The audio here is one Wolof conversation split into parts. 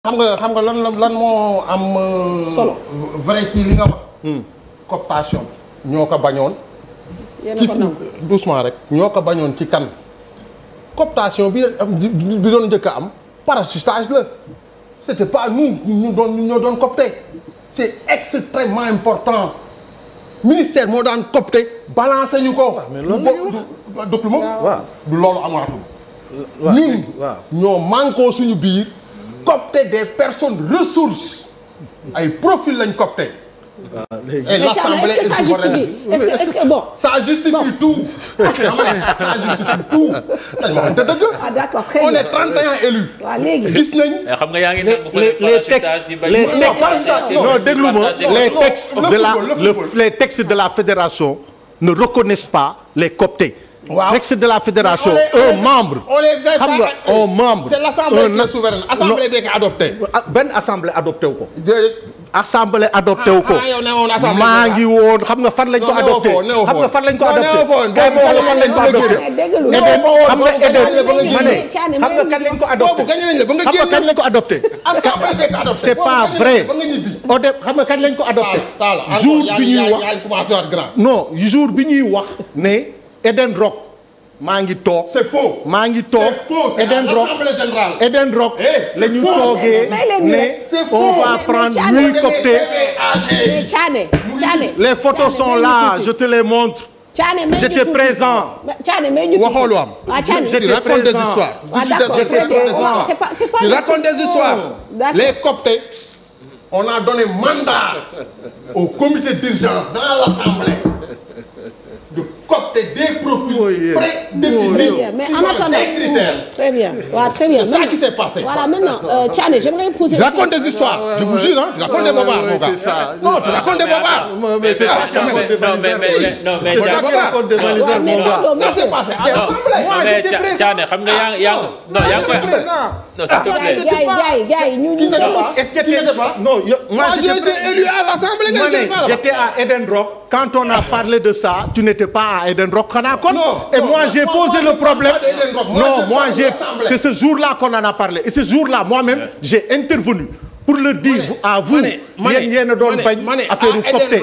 xam nga xam nga lan lan moo am. solo vrai li nga wax. cooptation ñoo ko bañoon. ci doucement rek. ñoo ko bañoon ci kan. cooptation bi bi doon njëkk a am parachutage la c'était pas nous ñu doon ñoo doon coopté c'est extrêmement important ministère moo daan copte balancé ñu ko. mais loolu la ñu wax du loolu amaatul. ñun ñoo manqué suñu biir. copter des personnes ressources ay profil lañ copter. waaw léegi mais est-ce que ça justifie est-ce que bon. ça justifie tout. Ah, ça justifie tout. ah d'accord très bien on est 31 élus. waaw léegi gis nañ. Eh, xam nga yaa ngi les textes les textes non déglu ma les textes de la les textes de la fédération ne reconnaissent pas les coptés. waaw texte de la fédération. un membre xam nga un membre. c'est l'assemblée qui est souveraine. assemblée bi nga adopté. Ah, benn assemblée adopté wu ko. assemblée adopté wu ko. Ah, ah, maa ngi woon xam nga fan lañ ko adopté. xam nga fan lañ ko adopté. kay ma wala fan lañ ko adopté. xam nga Edem ma ne xam nga kan lañ ko adopté. xam ko adopté. c'est pas vrai. Odem xam nga kan lañ ko adopté. jour bi ñuy wax non jour bi ñuy wax ne. Eden Rock maa ngi toog. c'est maa ngi toog. c'est faux c'est à l'assemblée générale Eden Rock eh, la ñu toogee ne on va prendre huit cocktails. les photos sont là je te les montre. Thiané j'étais présent. on a donné mandat au comité d'urgence dans l'assemblée mais en attendant très bien waaw très bien. c'est ça qui s'est passé. voilà maintenant euh, Thiané j'aimerais poser. raconte des histoires je vous jure ah raconte des bobards mon gars. non raconte des bobards. mais c'est pas ah, non mais non mais ça s'est passé ensemble. xam nga yaa yaa non yaa ngi koy. non s'il te plaît gars yi gars yi ñu ñu. est-ce que tu n'étais pas non moi j'ai été élu à l'Assemblée. moi j'étais à Eden Rock. quand on a parlé de ça tu n'étais pas à Eden Rock xanaa kon. et moi j'ai posé le problème. non moi j'ai c'est ce jour-là qu'on en a et ce jour-là moi-même j'ai intervenu pour le dire à vous yéen yéen doon bañ affaire u copté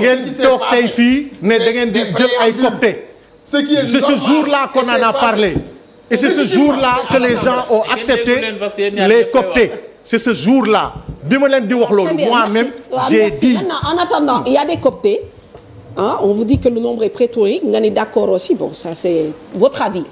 ngeen fii ne da ngeen di jël ay copté c'est ce jour-là qu'on en a et c'est ce jour-là que les gens ont accepté les coptés c'est ce jour-là bi ma leen di wax loolu moi-même j'ai dit il y a des coptés ah on vous dit que le nombre est pléthorique nga ni d'accord aussi bon ça c'est votre avis